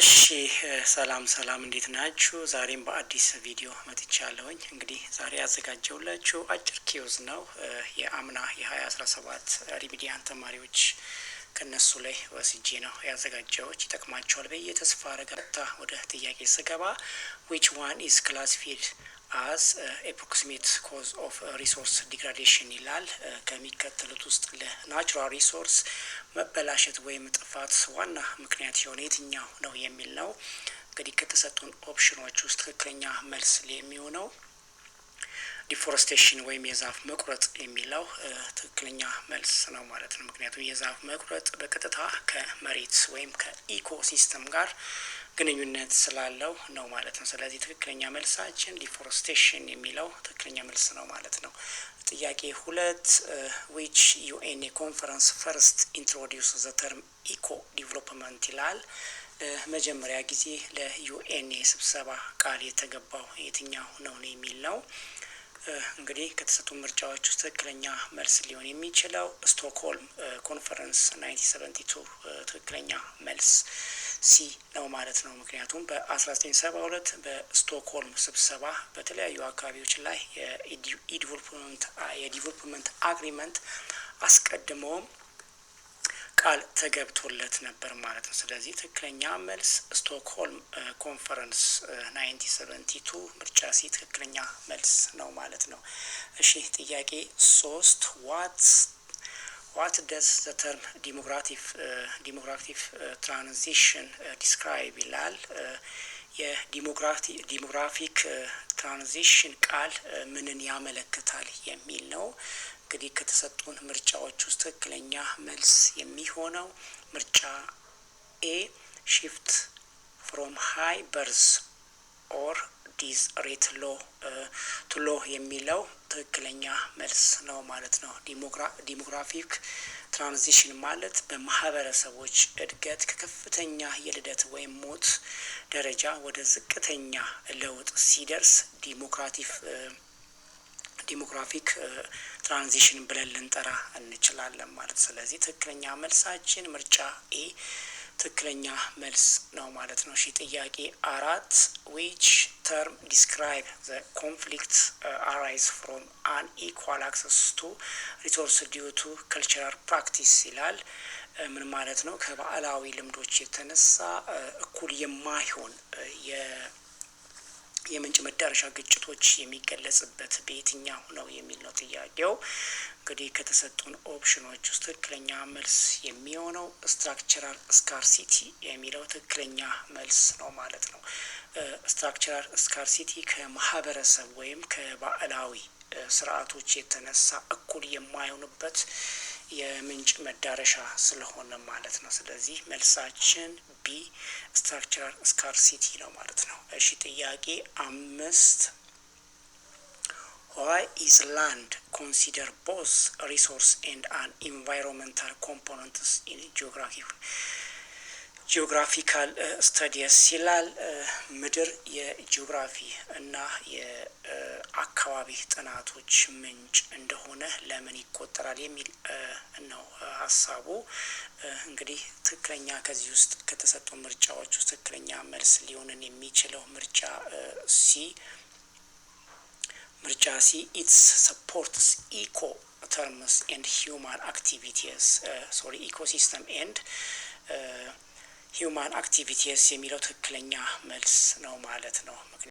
እሺ ሰላም ሰላም፣ እንዴት ናችሁ? ዛሬም በአዲስ ቪዲዮ መጥቻለሁኝ። እንግዲህ ዛሬ ያዘጋጀውላችሁ አጭር ኪውዝ ነው። የአምና የ አስራ ሰባት ሪሚዲያን ተማሪዎች ከነሱ ላይ ወስጄ ነው ያዘጋጀዎች። ይጠቅማቸዋል ብዬ ተስፋ ረጋታ ወደ ጥያቄ ስገባ ዊች ዋን ኢዝ ክላስፊድ አዝ ኤፕሮክሲሜት ኮዝ ኦፍ ሪሶርስ ዲግራዴሽን ይላል። uh, ከሚከተሉት ውስጥ ለናቹራል ሪሶርስ መበላሸት ወይም ጥፋት ዋና ምክንያት የሆነ የትኛው ነው የሚል ነው። እንግዲህ ከተሰጡን ኦፕሽኖች ውስጥ ትክክለኛ መልስ የሚሆነው ዲፎረስቴሽን ወይም የዛፍ መቁረጥ የሚለው uh, ትክክለኛ መልስ ነው ማለት ነው። ምክንያቱም የዛፍ መቁረጥ በቀጥታ ከመሬት ወይም ከኢኮሲስተም ጋር ግንኙነት ስላለው ነው ማለት ነው። ስለዚህ ትክክለኛ መልሳችን ዲፎረስቴሽን የሚለው ትክክለኛ መልስ ነው ማለት ነው። ጥያቄ ሁለት ዊች ዩኤንኤ ኮንፈረንስ ፈርስት ኢንትሮዲውስ ዘ ተርም ኢኮ ዲቨሎፕመንት ይላል። መጀመሪያ ጊዜ ለዩኤንኤ ስብሰባ ቃል የተገባው የትኛው ነው የሚል ነው። እንግዲህ ከተሰጡ ምርጫዎች ውስጥ ትክክለኛ መልስ ሊሆን የሚችለው ስቶክሆልም ኮንፈረንስ ናይንቲን ሰቨንቲ ቱ ትክክለኛ መልስ ሲ ነው ማለት ነው። ምክንያቱም በ1972 በስቶክሆልም ስብሰባ በተለያዩ አካባቢዎች ላይ የዲቨሎፕመንት አግሪመንት አስቀድመውም ቃል ተገብቶለት ነበር ማለት ነው። ስለዚህ ትክክለኛ መልስ ስቶክሆልም ኮንፈረንስ 1972 ምርጫ ሲ ትክክለኛ መልስ ነው ማለት ነው። እሺ ጥያቄ ሶስት ዋት what does the term demographic uh, demographic uh, transition uh, describe ይላል። የዲሞግራፊክ ትራንዚሽን ቃል ምንን ያመለክታል የሚል ነው። እንግዲህ ከተሰጡን ምርጫዎች ውስጥ ትክክለኛ መልስ የሚሆነው ምርጫ ኤ ሺፍት ፍሮም ሀይ በርዝ ኦር ዲዝ ሬት ሎ ቱ የሚለው ትክክለኛ መልስ ነው ማለት ነው። ዲሞግራፊክ ትራንዚሽን ማለት በማህበረሰቦች እድገት ከከፍተኛ የልደት ወይም ሞት ደረጃ ወደ ዝቅተኛ ለውጥ ሲደርስ ዲሞክራቲክ ዲሞግራፊክ ትራንዚሽን ብለን ልንጠራ እንችላለን ማለት። ስለዚህ ትክክለኛ መልሳችን ምርጫ ኤ ትክክለኛ መልስ ነው ማለት ነው። ሺ ጥያቄ አራት ዊች ተርም ዲስክራይብ ዘ ኮንፍሊክት አራይዝ ፍሮም አን ኢኳል አክሰስ ቱ ሪሶርስ ዲዩ ቱ ፕራክቲስ ይላል። uh, ምን ማለት ነው? ከባህላዊ ልምዶች የተነሳ uh, እኩል የማይሆን uh, የምንጭ መዳረሻ ግጭቶች የሚገለጽበት በየትኛው ነው የሚል ነው ጥያቄው። እንግዲህ ከተሰጡን ኦፕሽኖች ውስጥ ትክክለኛ መልስ የሚሆነው ስትራክቸራል ስካርሲቲ የሚለው ትክክለኛ መልስ ነው ማለት ነው። ስትራክቸራል ስካርሲቲ ከማህበረሰብ ወይም ከባዕላዊ ስርዓቶች የተነሳ እኩል የማይሆኑበት የምንጭ መዳረሻ ስለሆነ ማለት ነው። ስለዚህ መልሳችን ቢ ስትራክቸራል ስካርሲቲ ነው ማለት ነው። እሺ ጥያቄ አምስት ዋይ ኢዝ ላንድ ኮንሲደር ቦስ ሪሶርስ ኤንድ አን ኢንቫይሮንመንታል ኮምፖነንትስ ኢን ጂኦግራፊ ጂኦግራፊካል ስተዲስ uh, ይላል። uh, ምድር የጂኦግራፊ እና የአካባቢ ጥናቶች ምንጭ እንደሆነ ለምን ይቆጠራል የሚል uh, ነው ሀሳቡ። እንግዲህ ትክክለኛ ከዚህ ውስጥ ከተሰጡ ምርጫዎች ውስጥ ትክክለኛ መልስ ሊሆንን የሚችለው ምርጫ ሲ ምርጫ ሲ ኢትስ ሰፖርትስ ኢኮ ተርምስ ኤንድ ሂውማን አክቲቪቲስ ሶሪ ኢኮሲስተም ኤንድ ሂዩማን አክቲቪቲስ የሚለው ትክክለኛ መልስ ነው ማለት ነው።